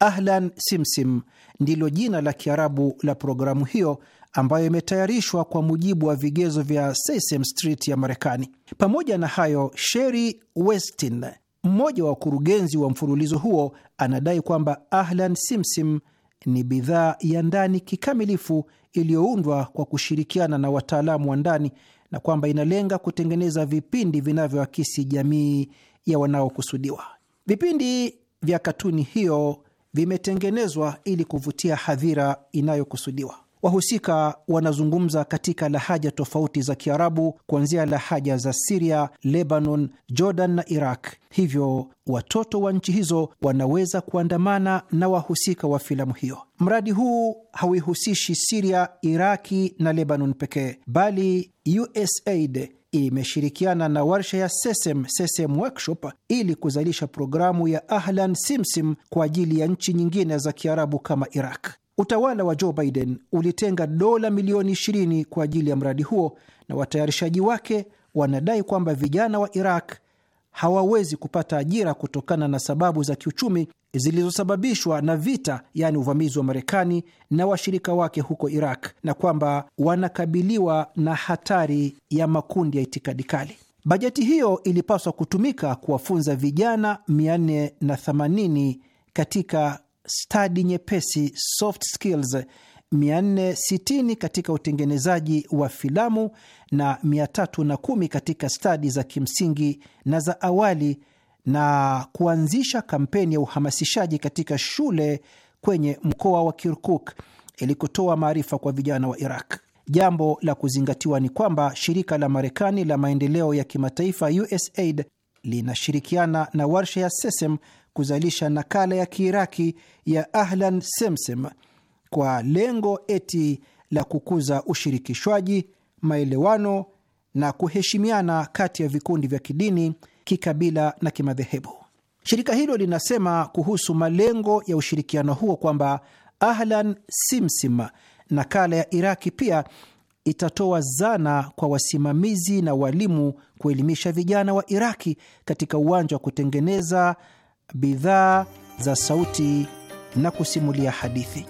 Ahlan Simsim ndilo jina la Kiarabu la programu hiyo ambayo imetayarishwa kwa mujibu wa vigezo vya Sesame Street ya Marekani. Pamoja na hayo, Sheri Westin mmoja wa wakurugenzi wa mfululizo huo anadai kwamba Ahlan Simsim ni bidhaa ya ndani kikamilifu iliyoundwa kwa kushirikiana na wataalamu wa ndani na kwamba inalenga kutengeneza vipindi vinavyoakisi jamii ya wanaokusudiwa. Vipindi vya katuni hiyo vimetengenezwa ili kuvutia hadhira inayokusudiwa. Wahusika wanazungumza katika lahaja tofauti za Kiarabu, kuanzia lahaja za Siria, Lebanon, Jordan na Iraq. Hivyo watoto wa nchi hizo wanaweza kuandamana na wahusika wa filamu hiyo. Mradi huu hauihusishi Siria, Iraki na Lebanon pekee, bali USAID imeshirikiana na warsha ya Sesem, Sesem Workshop ili kuzalisha programu ya Ahlan Simsim kwa ajili ya nchi nyingine za Kiarabu kama Iraq. Utawala wa Joe Biden ulitenga dola milioni 20 kwa ajili ya mradi huo na watayarishaji wake wanadai kwamba vijana wa Iraq hawawezi kupata ajira kutokana na sababu za kiuchumi zilizosababishwa na vita, yaani uvamizi wa Marekani na washirika wake huko Iraq, na kwamba wanakabiliwa na hatari ya makundi ya itikadi kali. Bajeti hiyo ilipaswa kutumika kuwafunza vijana 480 katika stadi nyepesi soft skills 460 katika utengenezaji wa filamu na 310 katika stadi za kimsingi na za awali na kuanzisha kampeni ya uhamasishaji katika shule kwenye mkoa wa Kirkuk ili kutoa maarifa kwa vijana wa Iraq. Jambo la kuzingatiwa ni kwamba shirika la Marekani la maendeleo ya kimataifa USAID linashirikiana na warsha ya SESEM kuzalisha nakala ya Kiiraki ya Ahlan Semsem kwa lengo eti la kukuza ushirikishwaji, maelewano na kuheshimiana kati ya vikundi vya kidini, kikabila na kimadhehebu. Shirika hilo linasema kuhusu malengo ya ushirikiano huo kwamba Ahlan Simsim, nakala ya Iraki, pia itatoa zana kwa wasimamizi na walimu kuelimisha vijana wa Iraki katika uwanja wa kutengeneza bidhaa za sauti na kusimulia hadithi.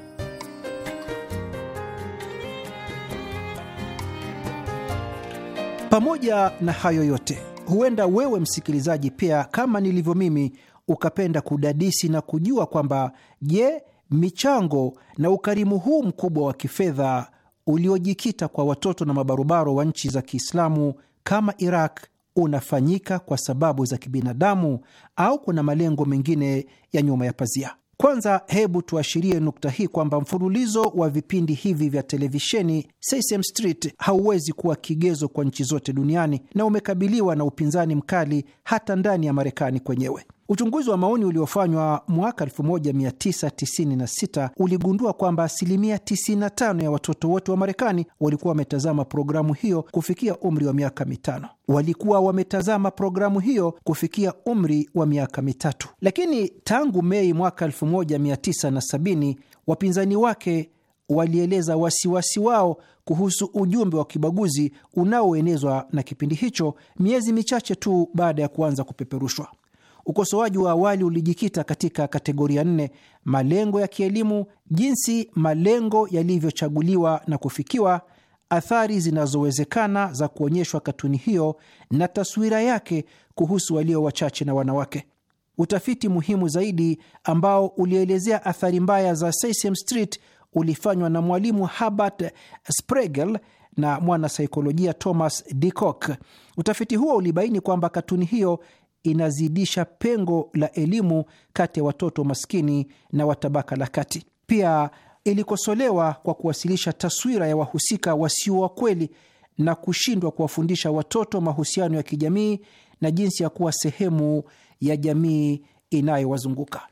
Pamoja na hayo yote, huenda wewe msikilizaji pia, kama nilivyo mimi, ukapenda kudadisi na kujua kwamba je, michango na ukarimu huu mkubwa wa kifedha uliojikita kwa watoto na mabarobaro wa nchi za Kiislamu kama Iraq, unafanyika kwa sababu za kibinadamu au kuna malengo mengine ya nyuma ya pazia. Kwanza hebu tuashirie nukta hii kwamba mfululizo wa vipindi hivi vya televisheni Sesame Street hauwezi kuwa kigezo kwa nchi zote duniani na umekabiliwa na upinzani mkali hata ndani ya Marekani kwenyewe. Uchunguzi wa maoni uliofanywa mwaka 1996 uligundua kwamba asilimia 95 ya watoto wote wa Marekani walikuwa wametazama programu hiyo kufikia umri wa miaka mitano. Walikuwa wametazama programu hiyo kufikia umri wa miaka mitatu, lakini tangu Mei mwaka 1970 wapinzani wake walieleza wasiwasi wao kuhusu ujumbe wa kibaguzi unaoenezwa na kipindi hicho, miezi michache tu baada ya kuanza kupeperushwa. Ukosoaji wa awali ulijikita katika kategoria nne: malengo ya kielimu, jinsi malengo yalivyochaguliwa na kufikiwa, athari zinazowezekana za kuonyeshwa katuni hiyo na taswira yake kuhusu walio wachache na wanawake. Utafiti muhimu zaidi ambao ulielezea athari mbaya za Sesame Street ulifanywa na mwalimu Herbert Spregel na mwanasaikolojia Thomas D Utafiti huo ulibaini kwamba katuni hiyo inazidisha pengo la elimu kati ya watoto maskini na wa tabaka la kati. Pia ilikosolewa kwa kuwasilisha taswira ya wahusika wasio wa kweli na kushindwa kuwafundisha watoto mahusiano ya kijamii na jinsi ya kuwa sehemu ya jamii inayowazunguka.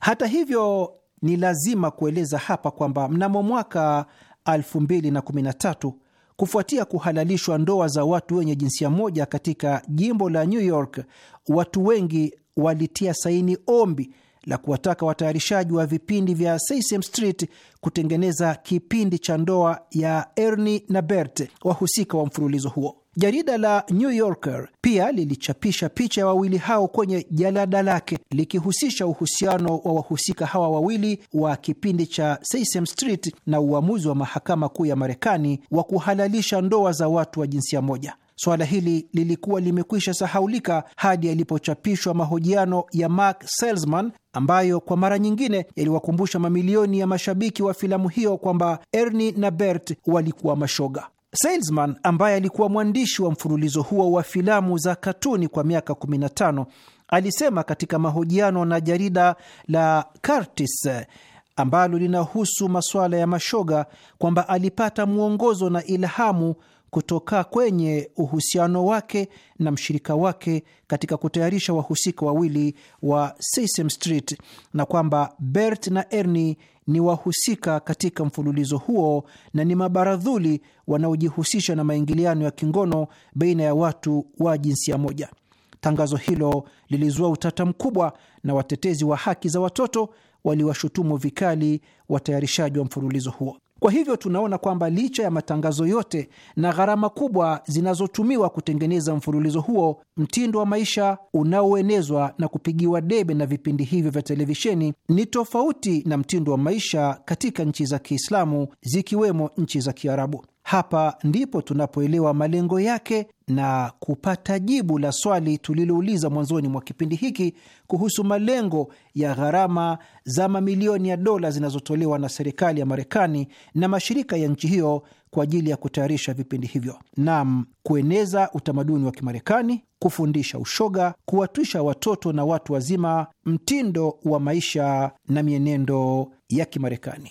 Hata hivyo, ni lazima kueleza hapa kwamba mnamo mwaka 2013 Kufuatia kuhalalishwa ndoa za watu wenye jinsia moja katika jimbo la New York, watu wengi walitia saini ombi la kuwataka watayarishaji wa vipindi vya Sesame Street kutengeneza kipindi cha ndoa ya Ernie na Bert, wahusika wa mfululizo huo. Jarida la New Yorker pia lilichapisha picha ya wawili hao kwenye jalada lake likihusisha uhusiano wa wahusika hawa wawili wa kipindi cha Sesame Street na uamuzi wa mahakama kuu ya Marekani wa kuhalalisha ndoa za watu wa jinsia moja. Suala hili lilikuwa limekwisha sahaulika hadi yalipochapishwa mahojiano ya Mark Selzman ambayo kwa mara nyingine yaliwakumbusha mamilioni ya mashabiki wa filamu hiyo kwamba Ernie na Bert walikuwa mashoga. Salesman ambaye alikuwa mwandishi wa mfululizo huo wa filamu za katuni kwa miaka 15 alisema katika mahojiano na jarida la Curtis ambalo linahusu masuala ya mashoga kwamba alipata mwongozo na ilhamu kutoka kwenye uhusiano wake na mshirika wake katika kutayarisha wahusika wawili wa Sesame Street na kwamba Bert na Ernie ni wahusika katika mfululizo huo na ni mabaradhuli wanaojihusisha na maingiliano ya kingono baina ya watu wa jinsia moja. Tangazo hilo lilizua utata mkubwa na watetezi wa haki za watoto waliwashutumu vikali watayarishaji wa mfululizo huo. Kwa hivyo tunaona kwamba licha ya matangazo yote na gharama kubwa zinazotumiwa kutengeneza mfululizo huo, mtindo wa maisha unaoenezwa na kupigiwa debe na vipindi hivyo vya televisheni ni tofauti na mtindo wa maisha katika nchi za Kiislamu zikiwemo nchi za Kiarabu. Hapa ndipo tunapoelewa malengo yake na kupata jibu la swali tulilouliza mwanzoni mwa kipindi hiki kuhusu malengo ya gharama za mamilioni ya dola zinazotolewa na serikali ya Marekani na mashirika ya nchi hiyo kwa ajili ya kutayarisha vipindi hivyo. Naam, kueneza utamaduni wa Kimarekani, kufundisha ushoga, kuwatwisha watoto na watu wazima mtindo wa maisha na mienendo ya Kimarekani.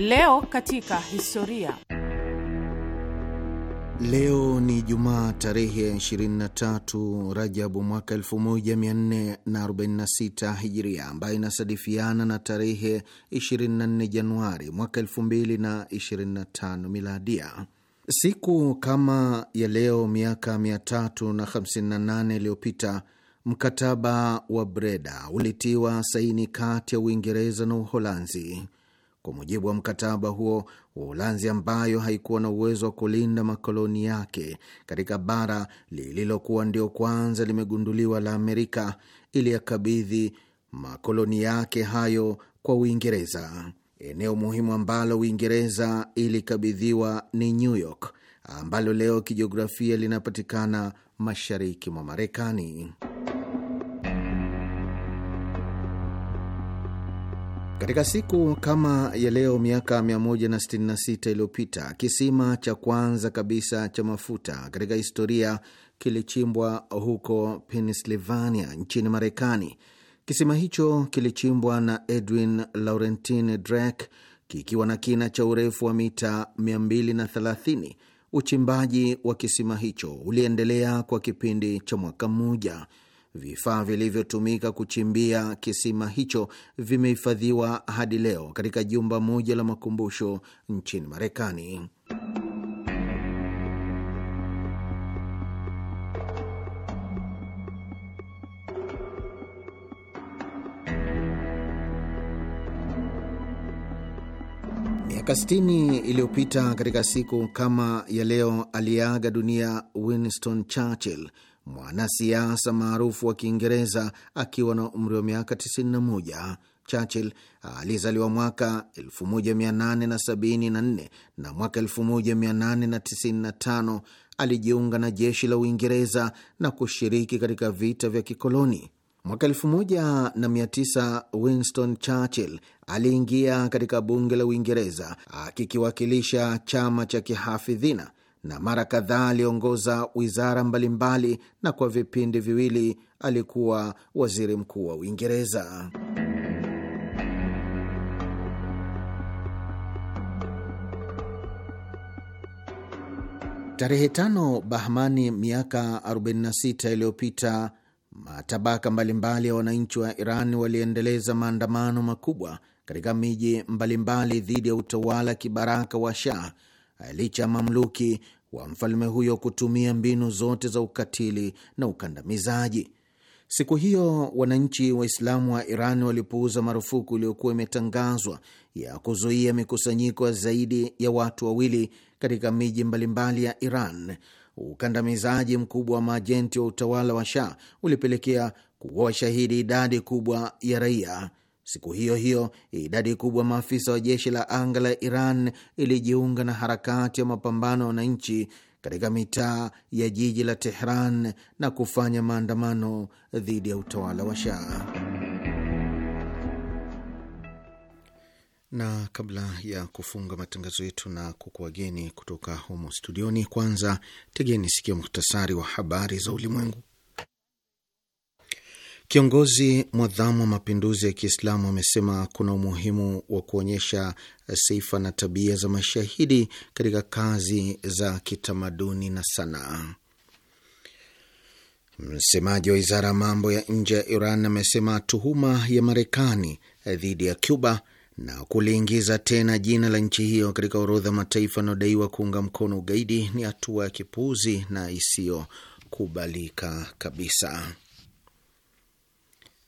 Leo katika historia. Leo ni Jumaa tarehe 23 Rajabu mwaka 1446 Hijiria, ambayo inasadifiana na tarehe 24 Januari mwaka 2025 Miladia. Siku kama ya leo miaka 358 iliyopita mkataba wa Breda ulitiwa saini kati ya Uingereza na Uholanzi. Kwa mujibu wa mkataba huo, Uholanzi ambayo haikuwa na uwezo wa kulinda makoloni yake katika bara lililokuwa ndio kwanza limegunduliwa la Amerika, ili yakabidhi makoloni yake hayo kwa Uingereza. Eneo muhimu ambalo Uingereza ilikabidhiwa ni New York ambalo leo kijiografia linapatikana mashariki mwa Marekani. Katika siku kama ya leo miaka 166 iliyopita kisima cha kwanza kabisa cha mafuta katika historia kilichimbwa huko Pennsylvania nchini Marekani. Kisima hicho kilichimbwa na Edwin Laurentine Drake kikiwa na kina cha urefu wa mita 230. Uchimbaji wa kisima hicho uliendelea kwa kipindi cha mwaka mmoja. Vifaa vilivyotumika kuchimbia kisima hicho vimehifadhiwa hadi leo katika jumba moja la makumbusho nchini Marekani. Miaka 60 iliyopita katika siku kama ya leo aliyeaga dunia Winston Churchill, mwanasiasa maarufu wa Kiingereza akiwa na umri wa miaka 91. Churchill alizaliwa mwaka 1874 na mwaka 1895 alijiunga na jeshi la Uingereza na kushiriki katika vita vya kikoloni. Mwaka 1900 Winston Churchill aliingia katika bunge la Uingereza akikiwakilisha chama cha kihafidhina na mara kadhaa aliongoza wizara mbalimbali na kwa vipindi viwili alikuwa waziri mkuu wa Uingereza. Tarehe tano Bahmani miaka 46 iliyopita, matabaka mbalimbali ya wananchi wa Iran waliendeleza maandamano makubwa katika miji mbalimbali dhidi ya utawala kibaraka wa Shah licha ya mamluki wa mfalme huyo kutumia mbinu zote za ukatili na ukandamizaji. Siku hiyo wananchi Waislamu wa Iran walipuuza marufuku iliyokuwa imetangazwa ya kuzuia mikusanyiko ya zaidi ya watu wawili katika miji mbalimbali ya Iran. Ukandamizaji mkubwa wa maajenti wa utawala wa Shah ulipelekea kuwa washahidi idadi kubwa ya raia. Siku hiyo hiyo idadi kubwa maafisa wa jeshi la anga la Iran ilijiunga na harakati ya mapambano ya wananchi katika mitaa ya jiji la Tehran na kufanya maandamano dhidi ya utawala wa Shah. Na kabla ya kufunga matangazo yetu na kukuwageni kutoka humo studioni, kwanza tegeni sikio muhtasari wa habari za ulimwengu. Kiongozi mwadhamu wa mapinduzi ya Kiislamu amesema kuna umuhimu wa kuonyesha eh, sifa na tabia za mashahidi katika kazi za kitamaduni na sanaa. Msemaji wa wizara ya mambo ya nje ya Iran amesema tuhuma ya Marekani eh, dhidi ya Cuba na kuliingiza tena jina la nchi hiyo katika orodha mataifa yanayodaiwa kuunga mkono ugaidi ni hatua ya kipuuzi na isiyokubalika kabisa.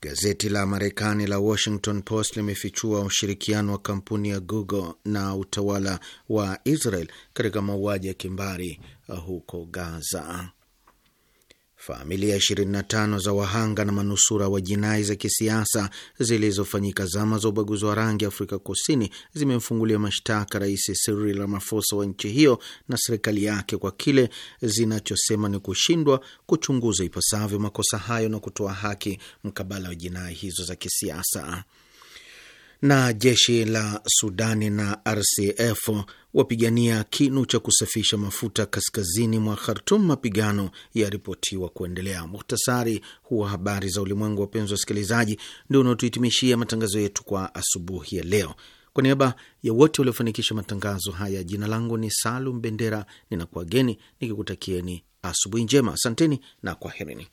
Gazeti la Marekani la Washington Post limefichua ushirikiano wa kampuni ya Google na utawala wa Israel katika mauaji ya kimbari uh, huko Gaza familia 25 za wahanga na manusura wa jinai za kisiasa zilizofanyika zama za ubaguzi wa rangi Afrika Kusini zimemfungulia mashtaka Rais Cyril Ramaphosa wa nchi hiyo na serikali yake kwa kile zinachosema ni kushindwa kuchunguza ipasavyo makosa hayo na kutoa haki mkabala wa jinai hizo za kisiasa na jeshi la Sudani na RCF wapigania kinu cha kusafisha mafuta kaskazini mwa Khartum. Mapigano yaripotiwa kuendelea. Muhtasari huwa habari za ulimwengu, wapenzi wasikilizaji, ndio unaotuhitimishia matangazo yetu kwa asubuhi ya leo. Kwa niaba ya wote waliofanikisha matangazo haya, jina langu ni Salum Bendera, ninakuageni nikikutakieni asubuhi njema. Asanteni na kwaherini.